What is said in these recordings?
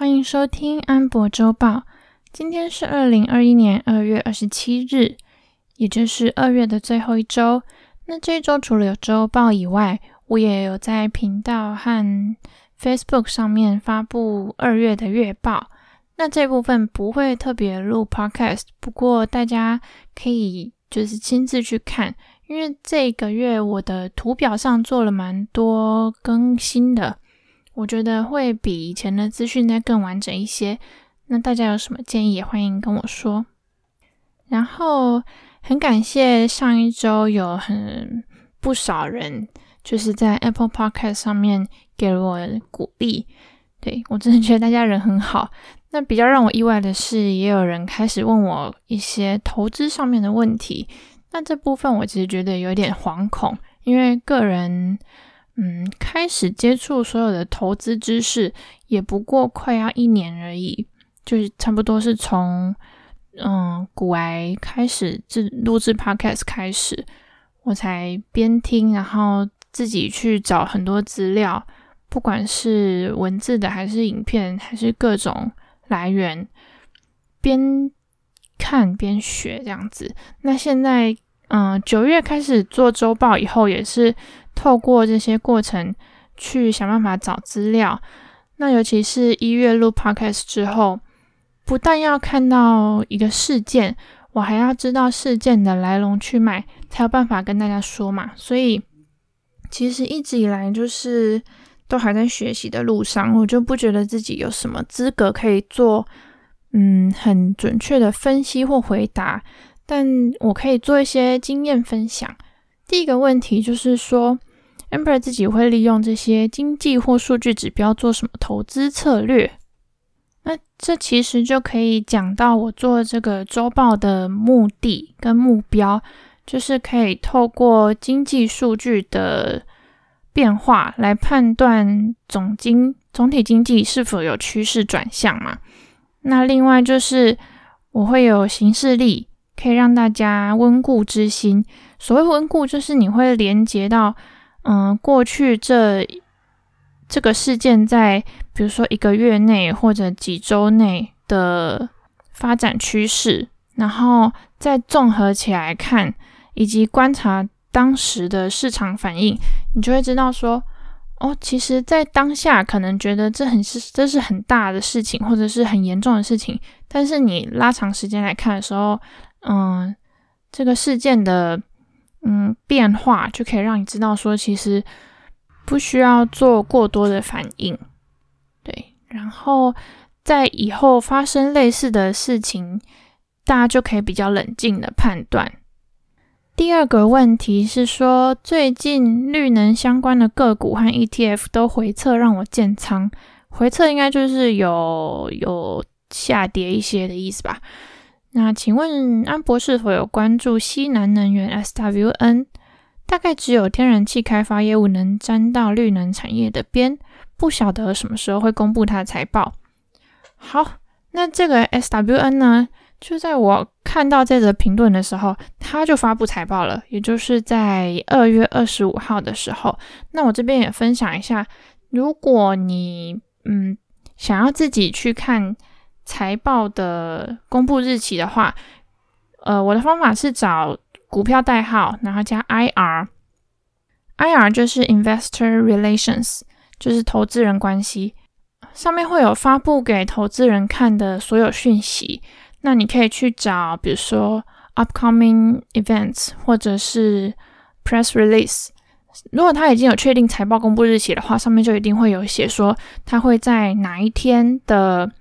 歡迎收聽安博周報。今天是二零二一年二月二十七日，也就是二月的最後一週。那這一週除了有週報以外，我也有在頻道和 Facebook 上面發布二月的月報。那這部分不會特別錄 podcast，不過大家可以就是親自去看，因為這個月我的圖表上做了蠻多更新的。我覺得會比以前的資訊再更完整一些。那大家有什麼建議也歡迎跟我說。然後很感謝上一周有很不少人就是在 Apple Podcast 上面給了我鼓勵。對，我真的覺得大家人很好。那比較讓我意外的是，也有人開始問我一些投資上面的問題。那這部分我其實覺得有點惶恐，因為個人。嗯，開始接觸所有的投資知識也不過快要一年而已，就是差不多是從嗯股癌開始制錄製 Podcast 開始，我才邊聽，然後自己去找很多資料，不管是文字的還是影片，還是各種來源，邊看邊學這樣子。那現在嗯九月開始做週報以後也是。透過這些過程去想辦法找資料，那尤其是一月錄 podcast 之後，不但要看到一個事件，我還要知道事件的來龍去脈，才有辦法跟大家說嘛。所以其實一直以來就是都還在學習的路上，我就不覺得自己有什麼資格可以做，嗯，很準確的分析或回答，但我可以做一些經驗分享。第一個問題就是說。e m b e r 自己會利用這些經濟或數據指標做什麼投資策略？那這其實就可以講到我做這個周報的目的跟目標，就是可以透過經濟數據的變化來判斷總經總體經濟是否有趨勢轉向嘛。那另外就是我會有形式力，可以讓大家溫故知新。所謂溫故，就是你會連接到。嗯，過去這這個事件在比如說一個月內或者幾周內的發展趨勢，然後再綜合起來看，以及觀察當時的市場反應，你就會知道說，哦，其實，在當下可能覺得這很，這是很大的事情或者是很嚴重的事情，但是你拉長時間來看的時候，嗯，這個事件的。嗯，變化就可以讓你知道說，其實不需要做過多的反應，對。然後在以後發生類似的事情，大家就可以比較冷靜的判斷。第二個問題是說，最近綠能相關的個股和 ETF 都回撤，讓我建倉。回撤應該就是有有下跌一些的意思吧。那請問安博是否有關注西南能源 S W N？大概只有天然氣開發業務能沾到綠能產業的邊，不曉得什麼時候會公布它的財報。好，那這個 S W N 呢，就在我看到這則評論的時候，它就發佈財報了，也就是在二月二十五號的時候。那我這邊也分享一下，如果你嗯想要自己去看。財報的公布日期的話，呃，我的方法是找股票代號，然後加 IR，IR 就是 Investor Relations，就是投資人關係，上面會有發布給投資人看的所有訊息。那你可以去找，比如說 Upcoming Events 或者是 Press Release。如果他已經有確定財報公布日期的話，上面就一定會有寫說他會在哪一天的。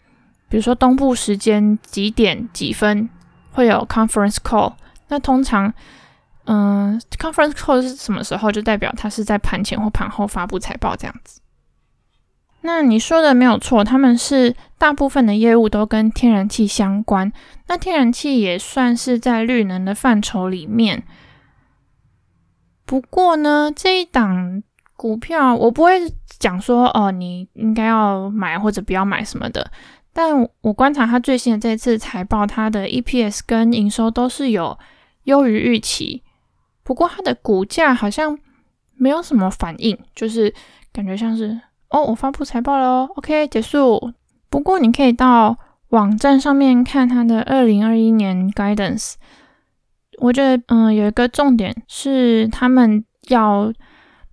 比如說東部時間幾點幾分會有 conference call？那通常，嗯，呃，conference call 是什麼時候，就代表它是在盤前或盤後發布財報這樣子。那你說的沒有錯，他們是大部分的業務都跟天然氣相關。那天然氣也算是在綠能的範疇裡面。不過呢，這一檔股票，我不會講說哦，呃，你應該要買或者不要買什麼的。但我觀察他最新的這次財報，他的 EPS 跟營收都是有優於預期，不過他的股價好像沒有什麼反應，就是感覺像是哦，我發布財報了哦，OK 結束。不過你可以到網站上面看他的2021年 guidance，我覺得嗯有一個重點是他們要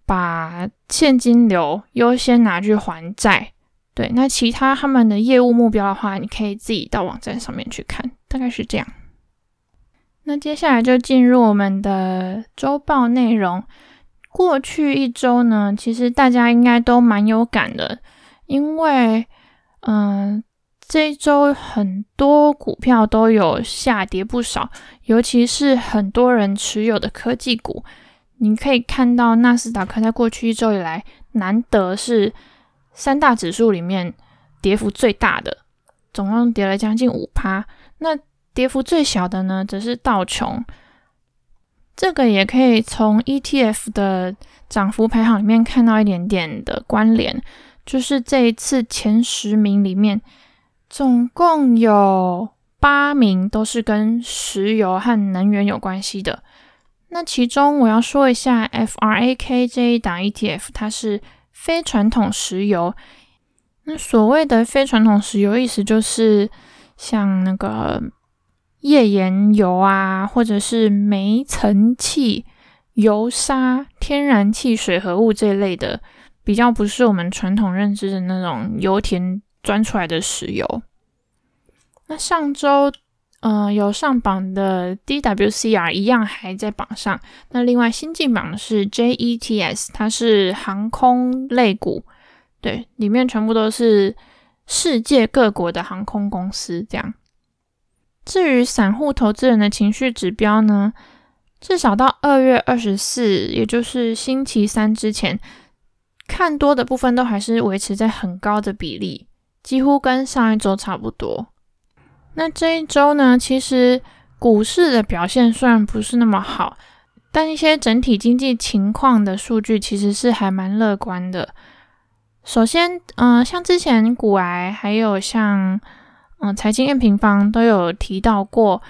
把現金流優先拿去還債。對，那其他他們的業務目標的話，你可以自己到網站上面去看，大概是這樣。那接下來就進入我們的週報內容。過去一週呢，其實大家應該都蠻有感的，因為嗯、呃，這一週很多股票都有下跌不少，尤其是很多人持有的科技股，你可以看到納斯達克在過去一週以來，難得是。三大指數裡面，跌幅最大的，總共跌了將近五趴。那跌幅最小的呢，則是道瓊。這個也可以從 ETF 的漲幅排行裡面看到一點點的關聯，就是這一次前十名裡面，總共有八名都是跟石油和能源有關係的。那其中我要說一下，FRAK 這一檔 ETF，它是。非傳統石油，那所謂的非傳統石油，意思就是像那個頁岩油啊，或者是煤層氣、油砂、天然氣水合物這一類的，比較不是我們傳統認知的那種油田鑽出來的石油。那上週。嗯、呃，有上榜的 D W C R 一樣還在榜上。那另外新進榜的是 J E T S，它是航空類股，對，裡面全部都是世界各國的航空公司這樣。至於散戶投資人的情緒指標呢，至少到二月二十四，也就是星期三之前，看多的部分都還是維持在很高的比例，幾乎跟上一週差不多。那這一周呢，其實股市的表現雖然不是那麼好，但一些整體經濟情況的數據其實是還蠻樂觀的。首先，嗯、呃，像之前股癌還有像嗯、呃、財經 M 平方都有提到過，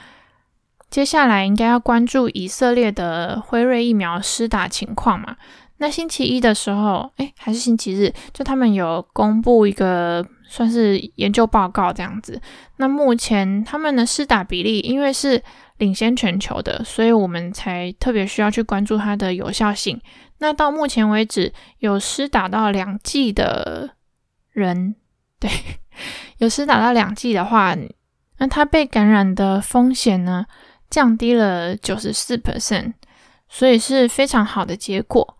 接下來應該要關注以色列的輝瑞疫苗施打情況嘛。那星期一的時候，誒，還是星期日，就他們有公布一個。算是研究報告這樣子。那目前他們的施打比例，因為是領先全球的，所以我們才特別需要去關注它的有效性。那到目前為止，有施打到兩劑的人，對，有施打到兩劑的話，那他被感染的風險呢，降低了九十四 percent，所以是非常好的結果。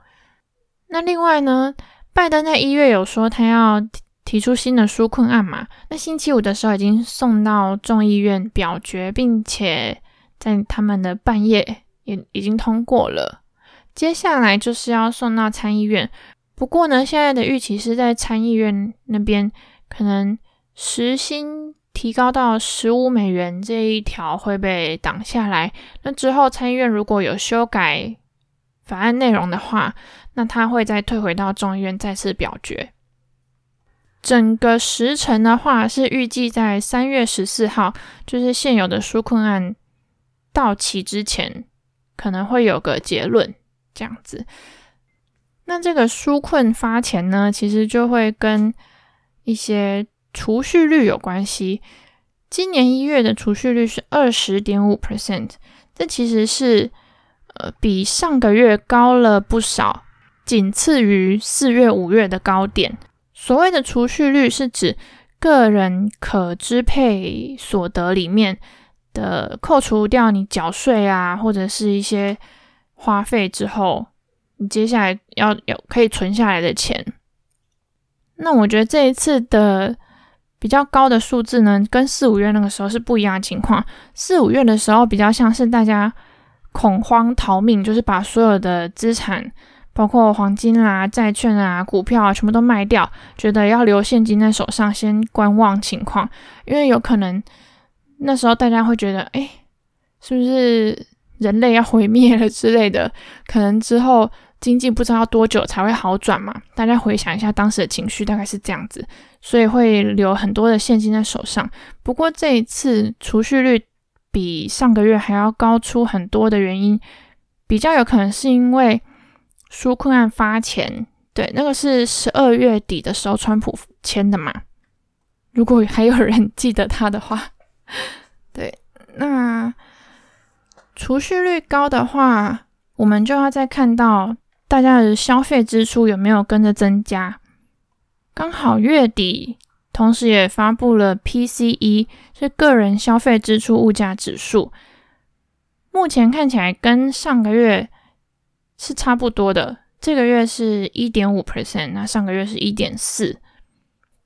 那另外呢，拜登在一月有說他要。提出新的紓困案嘛，那星期五的時候已經送到眾議院表決，並且在他們的半夜也已經通過了。接下來就是要送到參議院。不過呢，現在的預期是在參議院那邊可能時薪提高到十五美元這一條會被擋下來。那之後參議院如果有修改法案內容的話，那他會再退回到眾議院再次表決。整個時程的話，是預計在三月十四號，就是現有的紓困案到期之前，可能會有個結論這樣子。那這個紓困發錢呢，其實就會跟一些儲蓄率有關係。今年一月的儲蓄率是二十點五 percent，這其實是呃比上個月高了不少，僅次於四月、五月的高點。所謂的儲蓄率是指個人可支配所得裡面的扣除掉你繳稅啊，或者是一些花費之後，你接下來要有可以存下來的錢。那我覺得這一次的比較高的數字呢，跟四五月那個時候是不一樣的情況。四五月的時候比較像是大家恐慌逃命，就是把所有的資產。包括黃金啊、債券啊、股票啊，全部都賣掉，覺得要留現金在手上，先觀望情況，因為有可能那時候大家會覺得，哎，是不是人類要毀滅了之類的？可能之後經濟不知道要多久才會好轉嘛。大家回想一下當時的情緒，大概是這樣子，所以會留很多的現金在手上。不過這一次儲蓄率比上個月還要高出很多的原因，比較有可能是因為。紓困案發前，對，那個是十二月底的時候，川普簽的嘛。如果還有人記得他的話，對，那儲蓄率高的話，我們就要再看到大家的消費支出有沒有跟着增加。剛好月底，同時也發布了 PCE，是個人消費支出物價指數。目前看起來跟上個月。是差不多的，這個月是一點五 percent，那上個月是一點四，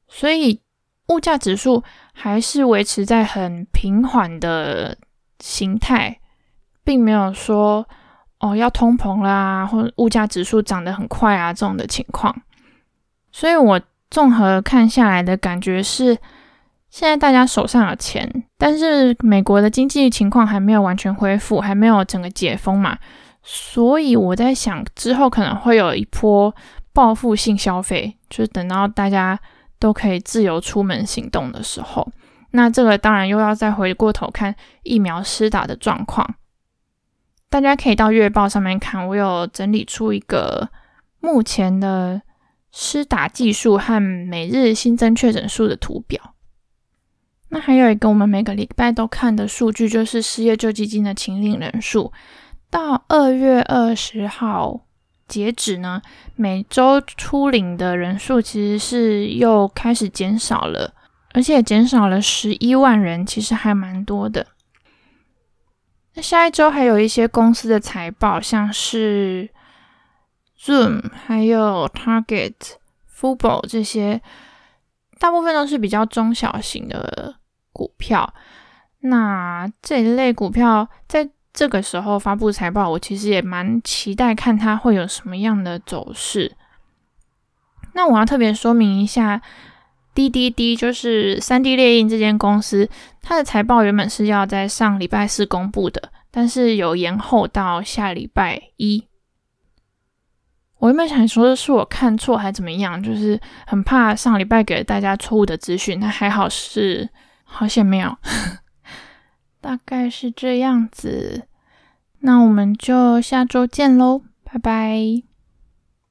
所以物價指數還是維持在很平緩的形態，並沒有說哦要通膨啦啊，或者物價指數漲得很快啊，這種的情況。所以我綜合看下來的感覺是，現在大家手上有錢，但是美國的經濟情況還沒有完全恢復，還沒有整個解封嘛。所以我在想，之後可能會有一波報復性消費，就是等到大家都可以自由出門行動的時候。那這個當然又要再回過頭看疫苗施打的狀況。大家可以到月報上面看，我有整理出一個目前的施打技術和每日新增確診數的圖表。那還有一個我們每個禮拜都看的數據，就是失業救濟金的請領人數。到二月二十號截止呢，每週初領的人數其實是又開始減少了，而且減少了十一萬人，其實還蠻多的。那下一週還有一些公司的財報，像是 Zoom、還有 Target、Football 這些，大部分都是比較中小型的股票。那這一類股票在這個時候發佈財報，我其實也蠻期待看它會有什麼樣的走勢。那我要特別說明一下，滴滴滴就是三 D 列印這間公司，它的財報原本是要在上禮拜四公布的，但是有延後到下禮拜一。我原本想說的是，我看錯還怎麼樣，就是很怕上禮拜給了大家錯誤的資訊。那還好是，好險沒有。 大概是這樣子，那我們就下週見嘍，拜拜。